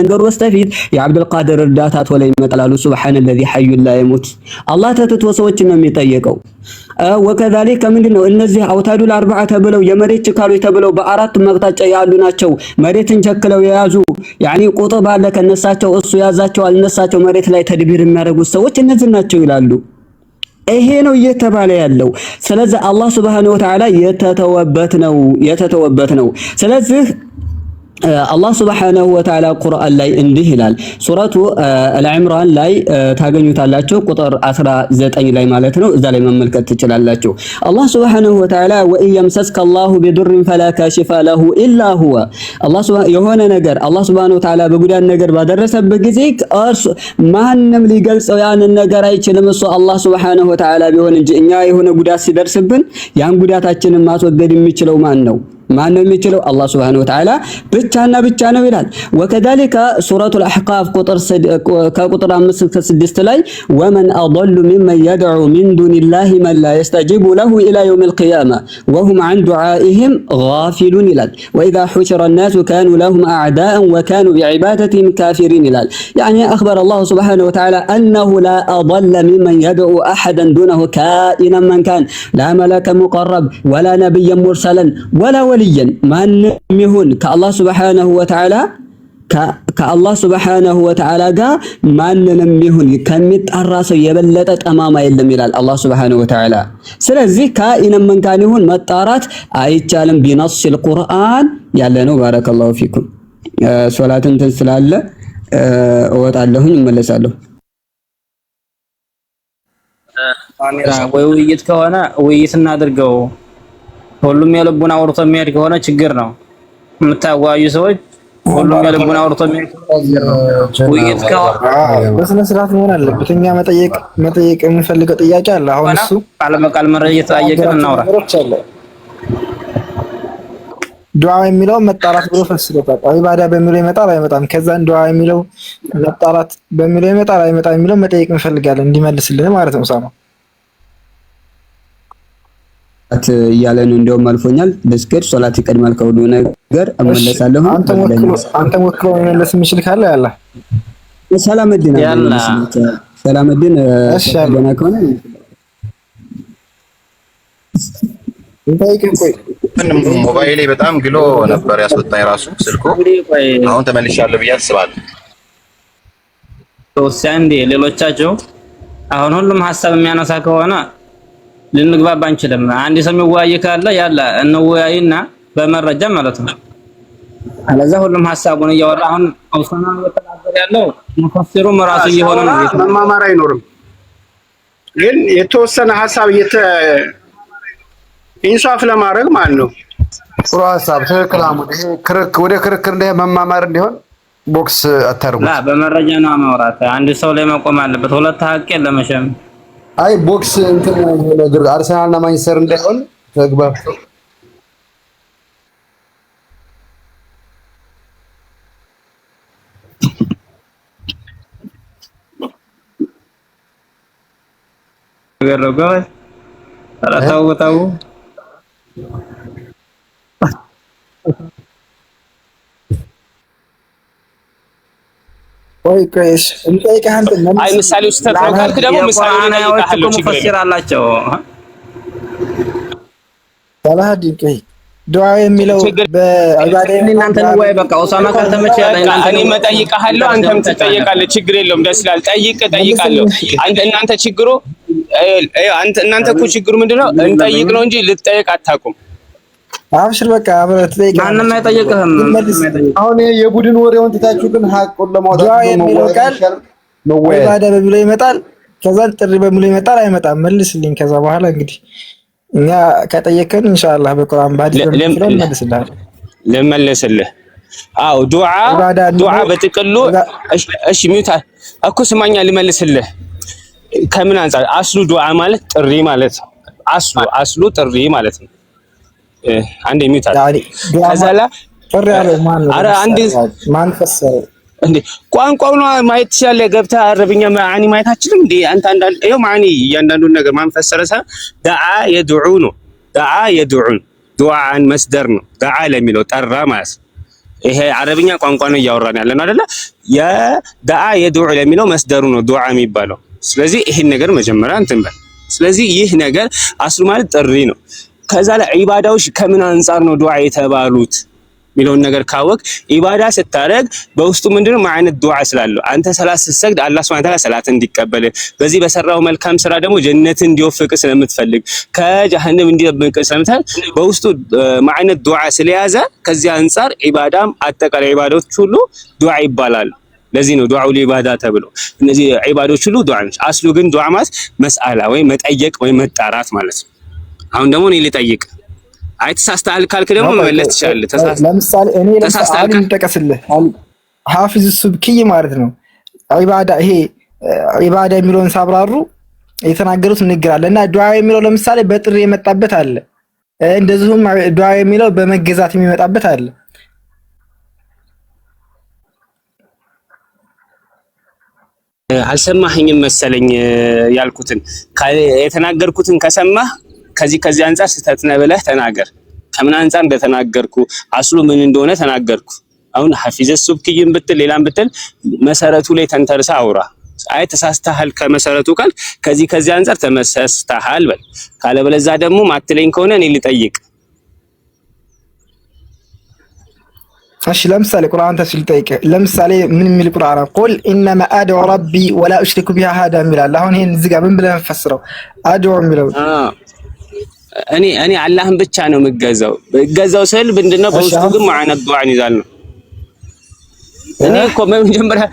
ነገር በስተፊት የአብዱልቃድር እርዳታ ቶሎ ይመጣል አሉ። ሱብሃነ ሐዩ ላ የሙት አላህ ተትቶ ሰዎችን ነው የሚጠየቀው። ወከዛሊከ ምንድን ነው እነዚህ አውታዱል አርባዓ ተብለው የመሬት ችካሎች ተብለው በአራት መቅጣጫ ያሉ ናቸው። መሬትን ቸክለው የያዙ ያኒ ቁጥብ አለ ከነሳቸው እሱ ያዛቸው አልነሳቸው መሬት ላይ ተድቢር የሚያደርጉት ሰዎች እነዚህ ናቸው ይላሉ። ይሄ ነው እየተባለ ያለው። ስለዚህ አላህ ሱብሃነሁ ወተዓላ የተተወበት ነው የተተወበት ነው። ስለዚህ አላህ ስብሐነሁ ወተዓላ ቁርአን ላይ እንዲህ ይላል። ሱረቱ አልዕምራን ላይ ታገኙታላችሁ፣ ቁጥር 19 ላይ ማለት ነው። እዛ ላይ መመልከት ትችላላችሁ። አላህ ስብሐነሁ ወተዓላ ወኢን የምሰስከ ቢዱርን ፈላ ካሽፈ ለሁ ኢላ ሁወ። የሆነ ነገር አላህ ስብሐነሁ ወተዓላ በጉዳት ነገር ባደረሰበት ጊዜ ማንም ሊገልጸው ያንን ነገር አይችልም፣ እሱ አላህ ስብሐነሁ ወተዓላ ቢሆን እንጂ እኛ የሆነ ጉዳት ሲደርስብን ያን ጉዳታችንን ማስወገድ የሚችለው ማን ነው? ማን ነው የሚችለው? አላህ Subhanahu Wa Ta'ala ብቻና ብቻ ነው ይላል። الأحقاف قطر ከቁጥር 5 እስከ 6 ላይ ومن أضل ممن يدعو من دون الله من لا يستجيب له إلى يوم القيامة وهم عن دعائهم غافلون ይላል። وإذا حشر الناس كانوا لهم أعداء وكانوا بعبادتهم كافرين ይላል። يعني أخبر الله سبحانه وتعالى أنه لا أضل ممن يدعو أحدا دونه كائنا من كان لا ملك مقرب ولا نبيا مرسلا ولا ወልየን ማንም ይሁን ከአላህ ስብሓነሁ ወተዓላ ከአላህ ስብሓነሁ ወተዓላ ጋር ማንንም ይሁን ከሚጣራ ሰው የበለጠ ጠማማ የለም ይላል አላህ ስብሓነሁ ወተዓላ። ስለዚህ ካኢነን መንካን ይሁን መጣራት አይቻልም። ቢነስል ቁርአን ያለ ነው። ባረከላሁ ፊኩም። ሶላትን እንትን ስላለ እወጣለሁኝ እመለሳለሁ። ወይ ውይይት ከሆነ ውይይት እናድርገው። ሁሉም የልቡን አውርቶ የሚሄድ ከሆነ ችግር ነው። የምታዋዩ ሰዎች ሁሉም የልቡን አውርቶ የሚሄድ ውይይት በስነ ስርዓት መሆን አለበት። እኛ መጠየቅ መጠየቅ የምንፈልገው ጥያቄ አለ። አሁን እሱ ቃል በቃል መረጃ እየተጠየቅን እናውራ። ዱዓ የሚለው መጣራት ብሎ ፈስሎታል። ኢባዳ በሚለው ይመጣል አይመጣም። ከዛን ዱዓ የሚለው መጣራት በሚለው ይመጣል አይመጣም የሚለው መጠየቅ እንፈልጋለን እንዲመልስልን ማለት ነው። ሳማ እያለን እንደውም አልፎኛል። ብስክድ ሶላት ይቀድማል ከሁሉ ነገር እመለሳለሁ። አንተ ወክሎ መመለስ የሚችል ካለ ያለ ሰላም እድን ሰላም እድን ገና ከሆነ ሞባይሌ በጣም ግሎ ነበር ያስወጣኝ ራሱ ስልኩ። አሁን ተመልሻለሁ ብዬ አስባለሁ። ሶስት አንዴ ሌሎቻቸው አሁን ሁሉም ሀሳብ የሚያነሳ ከሆነ ልንግባባ አንችልም። አንድ ሰው የሚወያይ ካለ ያለ እንወያይና በመረጃ ማለት ነው። አለዛ ሁሉም ሀሳቡን እያወራ አሁን አውሰና እየተናገር ያለው ሙፈሲሩም ራሱ እየሆነ ነው። መማማር አይኖርም፣ ግን የተወሰነ ሀሳብ እየተ ኢንሳፍ ለማድረግ ማለት ነው። ጥሩ ሀሳብ ትክክል። አሙድ ይሄ ክርክ ወደ ክርክር እንደ መማማር እንዲሆን ቦክስ አታርጉ ላ በመረጃ ነው ማውራት። አንድ ሰው ላይ መቆም አለበት። ሁለት ሀቅ የለም መቼም አይ ቦክስ እንትን ነገር አርሰናል እና ማንቸስተር እንዳይሆን ተግባብቶ ነገር ነው። ወይ አይ ምሳሌ ውስጥ ካልክ ደግሞ ምሳሌ ነው ያለው ሙፈሲር አላቸው። ሰላሀዲን ቆይ ዱዓ የሚለው በአባዴ እናንተ ነው ወይ በቃ ኡሳማ ካልተመቸ እኔ እጠይቅሃለሁ፣ አንተም ትጠየቃለህ። ችግር የለውም። ደስ ይላል። ጠይቅ፣ ጠይቃለሁ። አንተ እናንተ ችግሩ እናንተ እኮ ችግሩ ምንድነው? እንጠይቅ ነው እንጂ ልትጠየቅ አታውቁም። አብሽር በቃ አብረህ ትጠይቃለህ። ማንም አይጠይቅህም። አሁን የቡድን ወሬውን ትታችሁ ግን ሀቁን ለማውጣት የሚለው ቃል ኢባዳ በሚለው ይመጣል፣ ከዛ ጥሪ በሚለው ይመጣል። አይመጣም መልስልኝ። ከዛ በኋላ እንግዲህ እኛ ኢንሻአላህ በቁርአን ልመልስልህ። አዎ ዱዓ ዱዓ በጥቅሉ እሺ። ሚውታ እኮ ስማኛ፣ ልመልስልህ። ከምን አስሉ ዱዓ ማለት ጥሪ ማለት ነው። አስሉ አስሉ ጥሪ ማለት ነው። አንድ የሚውት አለ። ቋንቋው ነው ማየት ትችላለህ። ገብተህ አረብኛ መዓኒ ማየት አችልም እንዴ? አንተ አንዳንድ እዩ መዓኒ እያንዳንዱን ነገር ማን ፈሰረ ሰ ዳዓ የድዑ ነው። ዳዓ የድዑን ዱዓን መስደር ነው። ዳዓ ለሚለው ጠራ ማለት ነው። ይሄ አረብኛ ቋንቋ ነው እያወራን ያለ ነው አይደለ? የዳዓ የድዑ ለሚለው መስደሩ ነው ዱዓ የሚባለው። ስለዚህ ይሄን ነገር መጀመሪያ እንትን በል። ስለዚህ ይህ ነገር አስሉ ማለት ጥሪ ነው። ከዛ ላይ ዒባዳዎች ከምን አንጻር ነው ዱዓ የተባሉት የሚለውን ነገር ካወቅ ኢባዳ ስታደርግ በውስጡ ምንድነው ማዕነት ዱዓ ስላለው አንተ ሰላት ስትሰግድ አላህ ሱብሐነሁ ወተዓላ ሰላት እንዲቀበል በዚህ በሰራው መልካም ስራ ደግሞ ጀነት እንዲወፍቅ ስለምትፈልግ ከጀሃነም እንዲጠብቅ ስለምትፈልግ በውስጡ ማዕነት ዱዓ ስለያዘ ከዚህ አንጻር ኢባዳም አጠቃላይ ኢባዳዎች ሁሉ ዱዓ ይባላሉ። ለዚህ ነው ዱዓው ለኢባዳ ተብሎ እነዚህ ኢባዶች ሁሉ ዱዓ ነው። አስሉ ግን ዱዓ ማለት መስአላ ወይ መጠየቅ ወይ መጣራት ማለት ነው። አሁን ደግሞ እኔ ልጠይቅ። አይ ተሳስተሃል ካልክ ደግሞ መመለስ ትችላለህ። ለምሳሌ እኔ ለምሳሌ ልጠቀስልህ ሀፊዝ ሱብኪይ ማለት ነው ኢባዳ ይሄ ኢባዳ የሚለውን ሳብራሩ የተናገሩት ንግር አለ እና ዱዓ የሚለው ለምሳሌ በጥሪ የመጣበት አለ። እንደዚሁም ዱዓ የሚለው በመገዛት የሚመጣበት አለ። አልሰማህኝም መሰለኝ ያልኩትን የተናገርኩትን ከሰማህ ከዚህ ከዚህ አንጻር ስህተት ነው ብለህ ተናገር። ከምን አንጻር እንደተናገርኩ አስሉ ምን እንደሆነ ተናገርኩ። አሁን ሐፊዘ ሱብኪይን ብትል ሌላም ብትል መሰረቱ ላይ ተንተርሳ አውራ። አይ ተሳስተሃል ከመሰረቱ ቃል ከዚህ ከዚህ አንጻር ተመሰስተሃል በል። ካለበለዚያ ደግሞ ማትለኝ ከሆነ እኔ ልጠይቅ። እሺ ለምሳሌ ቁርአን ተስል ጠይቀ ለምሳሌ ምን የሚል ቁርአን ቁል ኢነማ አድዑ ረቢ ወላ ኡሽሪኩ ቢሃ አሃዳ የሚላል። አሁን ይሄን እዚህ ጋር ምን ብለህ ፈስረው አድዑ የሚለው እኔ እኔ አላህን ብቻ ነው የምገዛው። ገዛው ስል ምንድነው በውስጡ ግን ማዕነ ዱዓን ይዛል ነው እኔ እኮ በመጀመሪያ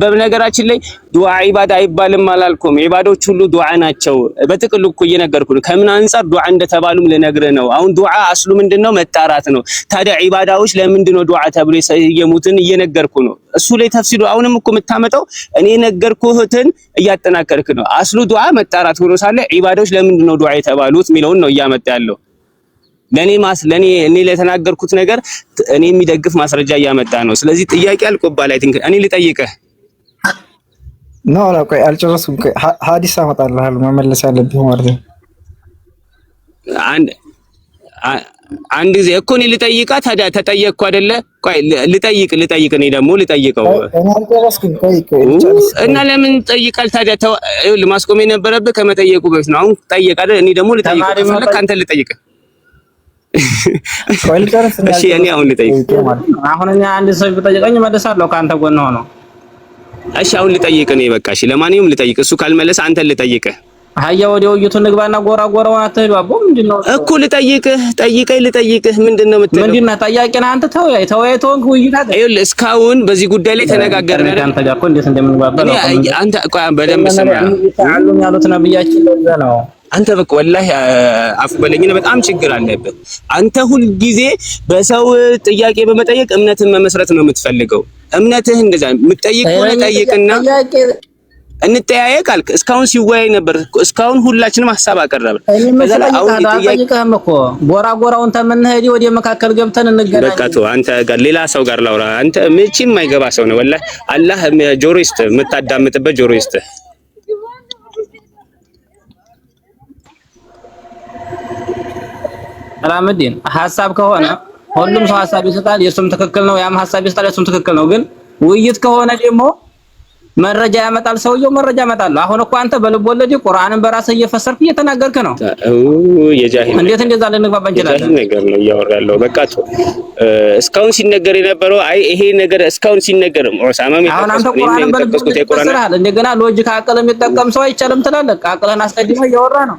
በነገራችን ላይ ዱዓ ኢባዳ አይባልም አላልኩም። ኢባዶች ሁሉ ዱዓ ናቸው። በጥቅሉ እኮ እየነገርኩ ነው። ከምን አንጻር ዱዓ እንደተባሉም ልነግርህ ነው። አሁን ዱዓ አስሉ ምንድነው? መጣራት ነው። ታዲያ ኢባዳዎች ለምንድነው ዱዓ ተብሎ የሰየሙትን እየነገርኩ ነው። እሱ ላይ ተፍሲሉ አሁንም እኮ የምታመጣው እኔ የነገርኩህትን እያጠናከርክ ነው። አስሉ ዱዓ መጣራት ሆኖ ሳለ ኢባዳዎች ለምንድነው ዱዓ የተባሉት የሚለውን ነው እያመጣ ያለው። ለኔ ማስ ለኔ እኔ ለተናገርኩት ነገር እኔ የሚደግፍ ማስረጃ እያመጣ ነው። ስለዚህ ጥያቄ አልቆባል። አይ ቲንክ እኔ ልጠይቅህ ኖ ኖ፣ ቆይ አልጨረስኩም። ቆይ ሀዲስ አመጣልሃል መመለስ ያለብህ ማለት ነው። አንድ አንድ ጊዜ እኮ እኔ ልጠይቃ ታዲያ ተጠየቅኩ አይደለ? ቆይ ልጠይቅ ልጠይቅ እኔ ደግሞ ልጠይቀው እና ለምን ጠይቃል ታዲያ? ማስቆም የነበረብህ ከመጠየቁ በፊት ነው። አሁን ጠየቅ አይደል? እኔ ደግሞ ልጠይቅ ከፈለክ አንተ እሺ እኔ አሁን ልጠይቅ። አሁን እኛ አንድ ሰው ቢጠይቀኝ እመልሳለሁ ከአንተ ጎን ሆኖ። እሺ አሁን ልጠይቅ እኔ በቃ እሺ፣ ለማንኛውም ልጠይቅ። እሱ ካልመለሰ አንተን ልጠይቅ። አያ ወደ ውይይቱ ንግባና ጎራ ጎራውን አትሄዱ። አቦ ምንድነው እኮ ልጠይቅህ፣ ጠይቀኝ፣ ልጠይቅህ። ምንድነው የምትለው? ምንድነው ጠያቂና አንተ ተወያይ፣ ተወያይተው ውይይት አድርግ። ይኸውልህ እስካሁን በዚህ ጉዳይ ላይ ተነጋገርን አይደል? አንተ ጋር እኮ እንዴት እንደምንግባባ አንተ በደንብ ስማ። ያሉት ነብያችን ነው አንተ በቃ ወላሂ አፉ በለኝነ በጣም ችግር አለብህ። አንተ ሁልጊዜ በሰው ጥያቄ በመጠየቅ እምነትን መመስረት ነው የምትፈልገው። እምነትህ እንደዛ የምትጠይቅ ሆነ ጠይቅና እንጠያየቅ አልክ። እስካሁን ሲወያይ ነበር። እስካሁን ሁላችንም ሀሳብ አቀረበ። አሁን ጎራ ጎራውን ተምንሄድ ወደ መካከል ገብተን እንገናኝ። በቃ ተው፣ አንተ ጋር ሌላ ሰው ጋር ላውራ። አንተ መቼም የማይገባ ሰው ነው ወላሂ። አላህ ጆሮ ይስጥህ፣ የምታዳምጥበት ጆሮ ይስጥህ። ሰላምዲን ሀሳብ ከሆነ ሁሉም ሰው ሀሳብ ይሰጣል፣ የሱም ትክክል ነው። ያም ሀሳብ ይሰጣል፣ የሱም ትክክል ነው። ግን ውይይት ከሆነ ደግሞ መረጃ ያመጣል ሰውየው፣ መረጃ ያመጣል። አሁን እኮ አንተ በልብ ወለድ ቁርአንን በራስህ እየፈሰርክ እየተናገርክ ነው። የጃሂል እንዴት እንደዛ ልንግባባ እንችላለን? የጃሂል ነገር ነው እያወራ ያለው። በቃ እስካሁን ሲነገር የነበረው አይ ይሄ ነገር እስካሁን ሲነገር ዑሳማ አሁን አንተ ቁርአንን በልብ ወለድ እንደገና ሎጂክ አቅልም የሚጠቀም ሰው አይቻልም ትላለህ። አቅልህን አስቀድመህ እያወራ ነው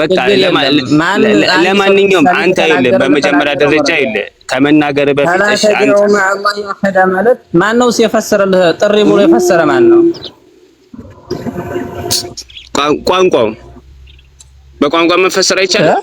በቃ ለማንኛውም አንተ ይኸውልህ፣ በመጀመሪያ ደረጃ ይኸውልህ ከመናገር በፊት እሺ፣ አንተ ማለት ማን ነው የፈሰረልህ? ጥሪ ብሎ የፈሰረ ማን ነው? ቋንቋው በቋንቋ መፈሰር አይቻልም።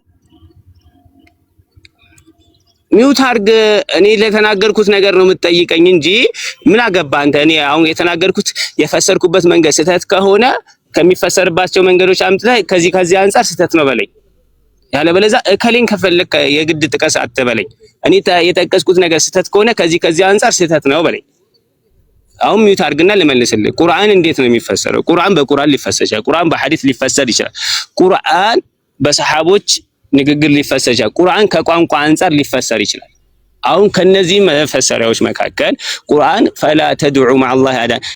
ሚውት አድርግ። እኔ ለተናገርኩት ነገር ነው የምትጠይቀኝ እንጂ ምን አገባ አንተ። እኔ አሁን የተናገርኩት የፈሰርኩበት መንገድ ስህተት ከሆነ ከሚፈሰርባቸው መንገዶች አምጥተህ ከዚህ ከዚህ አንጻር ስህተት ነው በለኝ። ያለበለዚያ እከሌን ከፈለክ የግድ ጥቀስ አትበለኝ። እኔ የጠቀስኩት ነገር ስህተት ከሆነ ከዚህ ከዚህ አንጻር ስህተት ነው በለኝ። አሁን ሚውት አድርግና ልመልስልህ። ቁርአን እንዴት ነው የሚፈሰረው? ቁርአን በቁርአን ሊፈሰር ይችላል። ቁርአን በሐዲስ ሊፈሰር ይችላል። ቁርአን በሰሃቦች ንግግር ሊፈሰር ይችላል። ቁርአን ከቋንቋ አንጻር ሊፈሰር ይችላል። አሁን ከነዚህ መፈሰሪያዎች መካከል ቁርአን ፈላ ተድዑ ማዓላህ አዳን